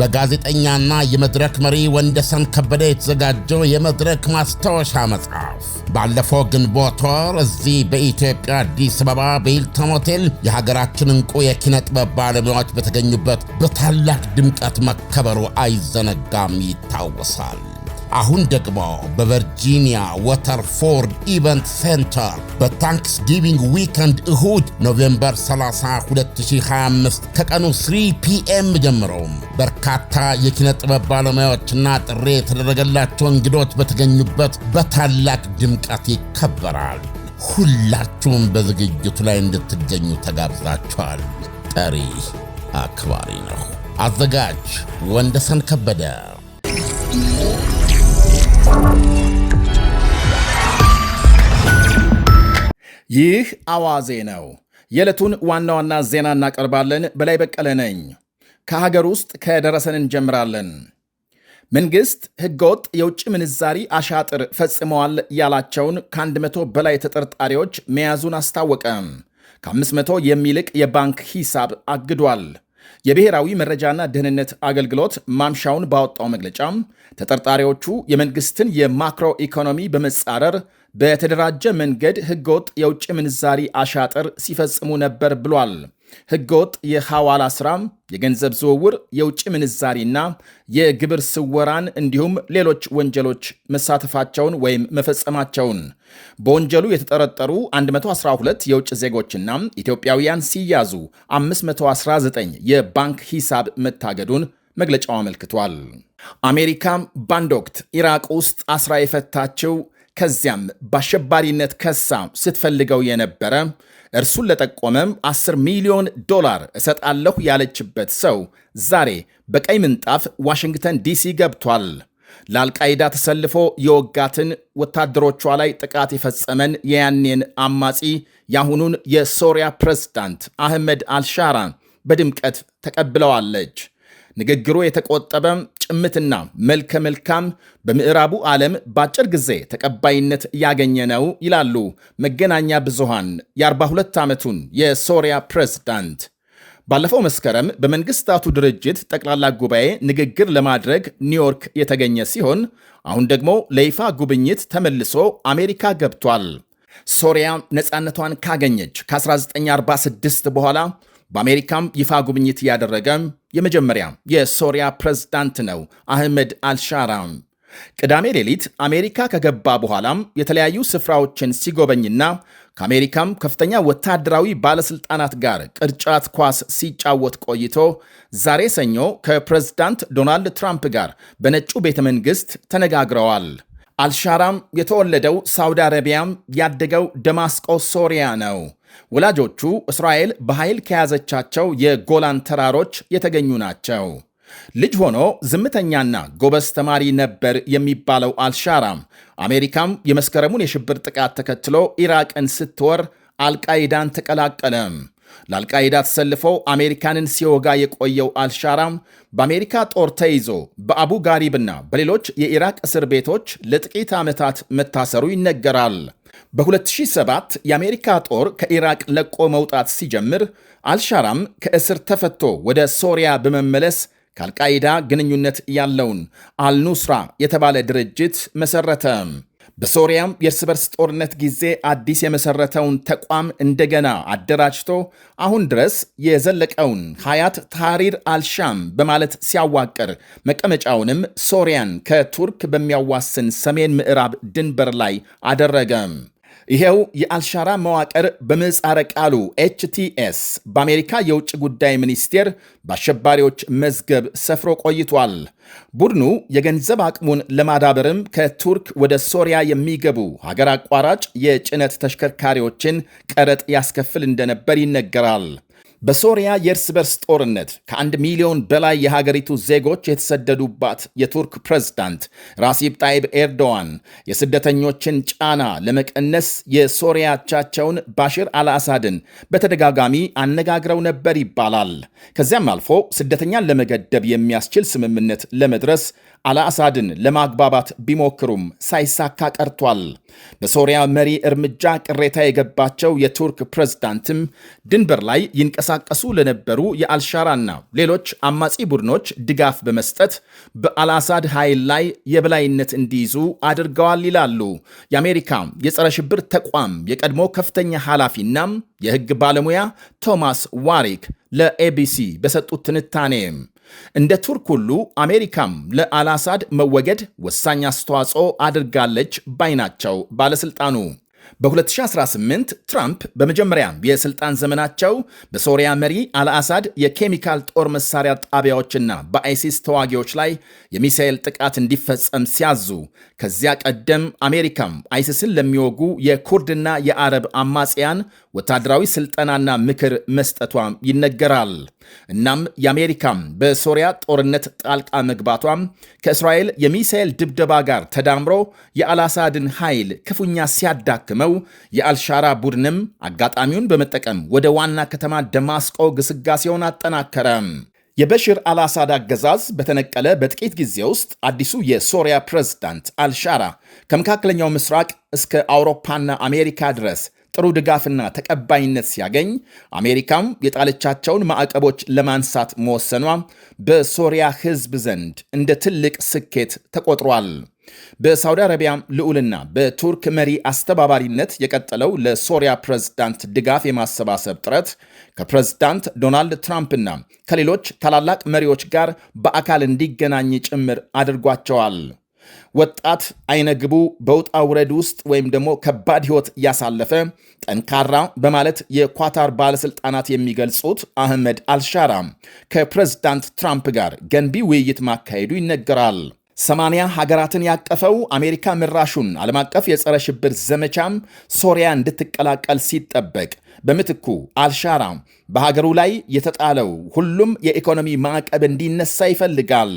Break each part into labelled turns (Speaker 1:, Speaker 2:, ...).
Speaker 1: በጋዜጠኛና የመድረክ መሪ ወንደሰን ከበደ የተዘጋጀው የመድረክ ማስታወሻ መጽሐፍ ባለፈው ግንቦት ወር እዚህ በኢትዮጵያ አዲስ አበባ በሂልተን ሆቴል የሀገራችን እንቁ የኪነ ጥበብ ባለሙያዎች በተገኙበት በታላቅ ድምቀት መከበሩ አይዘነጋም፣ ይታወሳል። አሁን ደግሞ በቨርጂኒያ ወተርፎርድ ኢቨንት ሴንተር በታንክስጊቪንግ ዊከንድ እሁድ ኖቬምበር 30 2025 ከቀኑ 3 ፒኤም ጀምሮ በርካታ የኪነ ጥበብ ባለሙያዎችና ጥሪ የተደረገላቸው እንግዶች በተገኙበት በታላቅ ድምቀት ይከበራል። ሁላችሁም በዝግጅቱ ላይ እንድትገኙ ተጋብዛችኋል። ጠሪ አክባሪ ነው። አዘጋጅ ወንደሰን ከበደ
Speaker 2: ይህ አዋዜ ነው። የዕለቱን ዋና ዋና ዜና እናቀርባለን። በላይ በቀለ ነኝ። ከሀገር ውስጥ ከደረሰን እንጀምራለን። መንግሥት ሕገወጥ የውጭ ምንዛሪ አሻጥር ፈጽመዋል ያላቸውን ከ100 በላይ ተጠርጣሪዎች መያዙን አስታወቀ። ከ500 የሚልቅ የባንክ ሂሳብ አግዷል። የብሔራዊ መረጃና ደህንነት አገልግሎት ማምሻውን ባወጣው መግለጫ ተጠርጣሪዎቹ የመንግስትን የማክሮ ኢኮኖሚ በመጻረር በተደራጀ መንገድ ህገወጥ የውጭ ምንዛሪ አሻጥር ሲፈጽሙ ነበር ብሏል። ህገወጥ የሐዋላ ስራ፣ የገንዘብ ዝውውር፣ የውጭ ምንዛሪና የግብር ስወራን እንዲሁም ሌሎች ወንጀሎች መሳተፋቸውን ወይም መፈጸማቸውን በወንጀሉ የተጠረጠሩ 112 የውጭ ዜጎችና ኢትዮጵያውያን ሲያዙ 519 የባንክ ሂሳብ መታገዱን መግለጫው አመልክቷል። አሜሪካም በአንድ ወቅት ኢራቅ ውስጥ አስራ የፈታችው ከዚያም በአሸባሪነት ከሳ ስትፈልገው የነበረ እርሱን ለጠቆመም 10 ሚሊዮን ዶላር እሰጣለሁ ያለችበት ሰው ዛሬ በቀይ ምንጣፍ ዋሽንግተን ዲሲ ገብቷል። ለአልቃይዳ ተሰልፎ የወጋትን ወታደሮቿ ላይ ጥቃት የፈጸመን የያኔን አማጺ የአሁኑን የሶሪያ ፕሬዝዳንት አህመድ አልሻራ በድምቀት ተቀብለዋለች። ንግግሩ የተቆጠበም ጭምትና መልከ መልካም በምዕራቡ ዓለም በአጭር ጊዜ ተቀባይነት ያገኘ ነው ይላሉ መገናኛ ብዙሃን የ42 ዓመቱን የሶሪያ ፕሬዝዳንት። ባለፈው መስከረም በመንግስታቱ ድርጅት ጠቅላላ ጉባኤ ንግግር ለማድረግ ኒውዮርክ የተገኘ ሲሆን አሁን ደግሞ ለይፋ ጉብኝት ተመልሶ አሜሪካ ገብቷል። ሶሪያ ነፃነቷን ካገኘች ከ1946 በኋላ በአሜሪካም ይፋ ጉብኝት እያደረገ የመጀመሪያ የሶሪያ ፕሬዝዳንት ነው አህመድ አልሻራም። ቅዳሜ ሌሊት አሜሪካ ከገባ በኋላም የተለያዩ ስፍራዎችን ሲጎበኝና ከአሜሪካም ከፍተኛ ወታደራዊ ባለሥልጣናት ጋር ቅርጫት ኳስ ሲጫወት ቆይቶ ዛሬ ሰኞ ከፕሬዝዳንት ዶናልድ ትራምፕ ጋር በነጩ ቤተ መንግሥት ተነጋግረዋል። አልሻራም የተወለደው ሳውዲ አረቢያም ያደገው ደማስቆ ሶሪያ ነው። ወላጆቹ እስራኤል በኃይል ከያዘቻቸው የጎላን ተራሮች የተገኙ ናቸው። ልጅ ሆኖ ዝምተኛና ጎበዝ ተማሪ ነበር የሚባለው አልሻራም አሜሪካም የመስከረሙን የሽብር ጥቃት ተከትሎ ኢራቅን ስትወር አልቃይዳን ተቀላቀለም። ለአልቃይዳ ተሰልፈው አሜሪካንን ሲወጋ የቆየው አልሻራም በአሜሪካ ጦር ተይዞ በአቡ ጋሪብና በሌሎች የኢራቅ እስር ቤቶች ለጥቂት ዓመታት መታሰሩ ይነገራል። በ2007 የአሜሪካ ጦር ከኢራቅ ለቆ መውጣት ሲጀምር አልሻራም ከእስር ተፈቶ ወደ ሶሪያ በመመለስ ከአልቃይዳ ግንኙነት ያለውን አልኑስራ የተባለ ድርጅት መሠረተ። በሶሪያም የእርስ በርስ ጦርነት ጊዜ አዲስ የመሰረተውን ተቋም እንደገና አደራጅቶ አሁን ድረስ የዘለቀውን ሀያት ታሪር አልሻም በማለት ሲያዋቅር መቀመጫውንም ሶሪያን ከቱርክ በሚያዋስን ሰሜን ምዕራብ ድንበር ላይ አደረገም። ይሄው የአልሻራ መዋቅር በምህጻረ ቃሉ ኤችቲኤስ በአሜሪካ የውጭ ጉዳይ ሚኒስቴር በአሸባሪዎች መዝገብ ሰፍሮ ቆይቷል። ቡድኑ የገንዘብ አቅሙን ለማዳበርም ከቱርክ ወደ ሶሪያ የሚገቡ ሀገር አቋራጭ የጭነት ተሽከርካሪዎችን ቀረጥ ያስከፍል እንደነበር ይነገራል። በሶሪያ የእርስ በርስ ጦርነት ከአንድ ሚሊዮን በላይ የሀገሪቱ ዜጎች የተሰደዱባት የቱርክ ፕሬዝዳንት ራሲብ ጣይብ ኤርዶዋን የስደተኞችን ጫና ለመቀነስ የሶሪያ አቻቸውን ባሽር አልአሳድን በተደጋጋሚ አነጋግረው ነበር ይባላል። ከዚያም አልፎ ስደተኛን ለመገደብ የሚያስችል ስምምነት ለመድረስ አልአሳድን ለማግባባት ቢሞክሩም ሳይሳካ ቀርቷል። በሶሪያ መሪ እርምጃ ቅሬታ የገባቸው የቱርክ ፕሬዝዳንትም ድንበር ላይ ይንቀሳ ሲንቀሳቀሱ ለነበሩ የአልሻራና ሌሎች አማጺ ቡድኖች ድጋፍ በመስጠት በአልአሳድ ኃይል ላይ የበላይነት እንዲይዙ አድርገዋል ይላሉ የአሜሪካ የጸረ ሽብር ተቋም የቀድሞ ከፍተኛ ኃላፊና የሕግ ባለሙያ ቶማስ ዋሪክ ለኤቢሲ በሰጡት ትንታኔ። እንደ ቱርክ ሁሉ አሜሪካም ለአልአሳድ መወገድ ወሳኝ አስተዋጽኦ አድርጋለች ባይ ናቸው ባለሥልጣኑ። በ2018 ትራምፕ በመጀመሪያ የስልጣን ዘመናቸው በሶሪያ መሪ አልአሳድ የኬሚካል ጦር መሳሪያ ጣቢያዎችና በአይሲስ ተዋጊዎች ላይ የሚሳኤል ጥቃት እንዲፈጸም ሲያዙ ከዚያ ቀደም አሜሪካም አይሲስን ለሚወጉ የኩርድና የአረብ አማጽያን ወታደራዊ ስልጠናና ምክር መስጠቷም ይነገራል። እናም የአሜሪካም በሶሪያ ጦርነት ጣልቃ መግባቷም ከእስራኤል የሚሳኤል ድብደባ ጋር ተዳምሮ የአልአሳድን ኃይል ክፉኛ ሲያዳክም የሚገርመው የአልሻራ ቡድንም አጋጣሚውን በመጠቀም ወደ ዋና ከተማ ደማስቆ ግስጋሴውን አጠናከረ። የበሽር አልአሳድ አገዛዝ በተነቀለ በጥቂት ጊዜ ውስጥ አዲሱ የሶሪያ ፕሬዝዳንት አልሻራ ከመካከለኛው ምስራቅ እስከ አውሮፓና አሜሪካ ድረስ ጥሩ ድጋፍና ተቀባይነት ሲያገኝ አሜሪካም የጣለቻቸውን ማዕቀቦች ለማንሳት መወሰኗ በሶሪያ ሕዝብ ዘንድ እንደ ትልቅ ስኬት ተቆጥሯል። በሳውዲ አረቢያ ልዑልና በቱርክ መሪ አስተባባሪነት የቀጠለው ለሶሪያ ፕሬዝዳንት ድጋፍ የማሰባሰብ ጥረት ከፕሬዝዳንት ዶናልድ ትራምፕና ከሌሎች ታላላቅ መሪዎች ጋር በአካል እንዲገናኝ ጭምር አድርጓቸዋል። ወጣት አይነ ግቡ በውጣ ውረድ ውስጥ ወይም ደግሞ ከባድ ሕይወት እያሳለፈ ጠንካራ በማለት የኳታር ባለሥልጣናት የሚገልጹት አህመድ አልሻራ ከፕሬዝዳንት ትራምፕ ጋር ገንቢ ውይይት ማካሄዱ ይነገራል። ሰማንያ ሀገራትን ያቀፈው አሜሪካ ምራሹን ዓለም አቀፍ የጸረ ሽብር ዘመቻም ሶሪያ እንድትቀላቀል ሲጠበቅ በምትኩ አልሻራ በሀገሩ ላይ የተጣለው ሁሉም የኢኮኖሚ ማዕቀብ እንዲነሳ ይፈልጋል።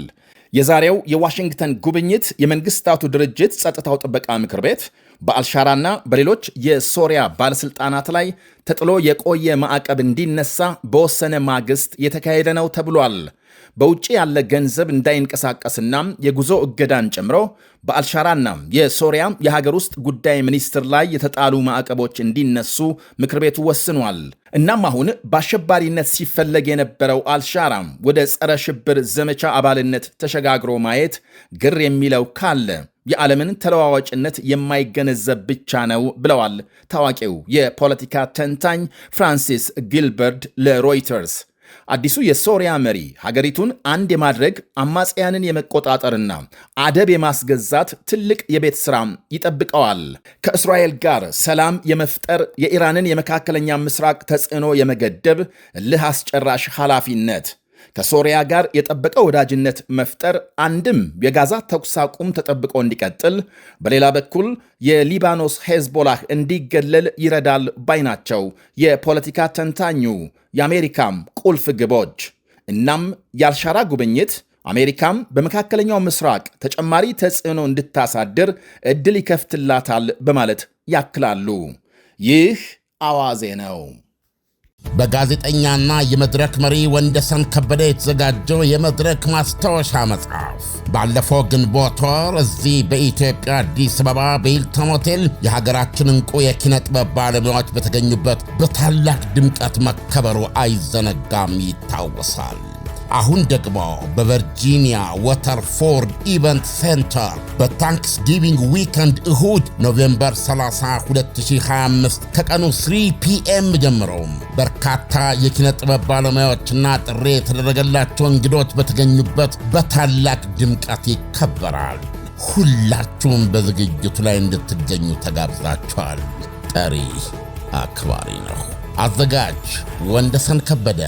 Speaker 2: የዛሬው የዋሽንግተን ጉብኝት የመንግስታቱ ድርጅት ጸጥታው ጥበቃ ምክር ቤት በአልሻራና በሌሎች የሶሪያ ባለሥልጣናት ላይ ተጥሎ የቆየ ማዕቀብ እንዲነሳ በወሰነ ማግስት የተካሄደ ነው ተብሏል። በውጭ ያለ ገንዘብ እንዳይንቀሳቀስና የጉዞ እገዳን ጨምሮ በአልሻራና የሶሪያ የሀገር ውስጥ ጉዳይ ሚኒስትር ላይ የተጣሉ ማዕቀቦች እንዲነሱ ምክር ቤቱ ወስኗል። እናም አሁን በአሸባሪነት ሲፈለግ የነበረው አልሻራ ወደ ጸረ ሽብር ዘመቻ አባልነት ተሸጋግሮ ማየት ግር የሚለው ካለ የዓለምን ተለዋዋጭነት የማይገነዘብ ብቻ ነው ብለዋል ታዋቂው የፖለቲካ ተንታኝ ፍራንሲስ ጊልበርድ ለሮይተርስ። አዲሱ የሶሪያ መሪ ሀገሪቱን አንድ የማድረግ አማጽያንን የመቆጣጠርና አደብ የማስገዛት ትልቅ የቤት ስራ ይጠብቀዋል። ከእስራኤል ጋር ሰላም የመፍጠር የኢራንን የመካከለኛ ምስራቅ ተጽዕኖ የመገደብ ልህ አስጨራሽ ኃላፊነት ከሶሪያ ጋር የጠበቀ ወዳጅነት መፍጠር አንድም የጋዛ ተኩስ አቁም ተጠብቆ እንዲቀጥል፣ በሌላ በኩል የሊባኖስ ሄዝቦላህ እንዲገለል ይረዳል ባይ ናቸው የፖለቲካ ተንታኙ። የአሜሪካም ቁልፍ ግቦች እናም የአልሻራ ጉብኝት አሜሪካም በመካከለኛው ምስራቅ ተጨማሪ ተጽዕኖ እንድታሳድር እድል ይከፍትላታል በማለት ያክላሉ። ይህ አዋዜ ነው።
Speaker 1: በጋዜጠኛና የመድረክ መሪ ወንደሰን ከበደ የተዘጋጀው የመድረክ ማስታወሻ መጽሐፍ ባለፈው ግንቦት ወር እዚህ በኢትዮጵያ አዲስ አበባ በሂልተን ሆቴል የሀገራችን እንቁ የኪነ ጥበብ ባለሙያዎች በተገኙበት በታላቅ ድምቀት መከበሩ አይዘነጋም፣ ይታወሳል። አሁን ደግሞ በቨርጂኒያ ወተርፎርድ ኢቨንት ሴንተር በታንክስ ጊቪንግ ዊከንድ እሁድ ኖቬምበር 30 2025 ከቀኑ 3 ፒኤም ጀምሮ በርካታ የኪነ ጥበብ ባለሙያዎችና ጥሪ የተደረገላቸው እንግዶች በተገኙበት በታላቅ ድምቀት ይከበራል። ሁላችሁም በዝግጅቱ ላይ እንድትገኙ ተጋብዛችኋል። ጠሪ አክባሪ ነው። አዘጋጅ ወንደሰን ከበደ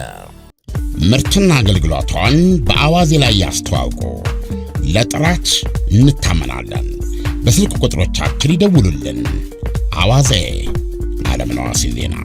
Speaker 1: ምርትና አገልግሎቷን በአዋዜ ላይ ያስተዋውቁ። ለጥራች እንታመናለን። በስልክ ቁጥሮቻችን ይደውሉልን። አዋዜ ዓለምነህ ዋሴ ዜና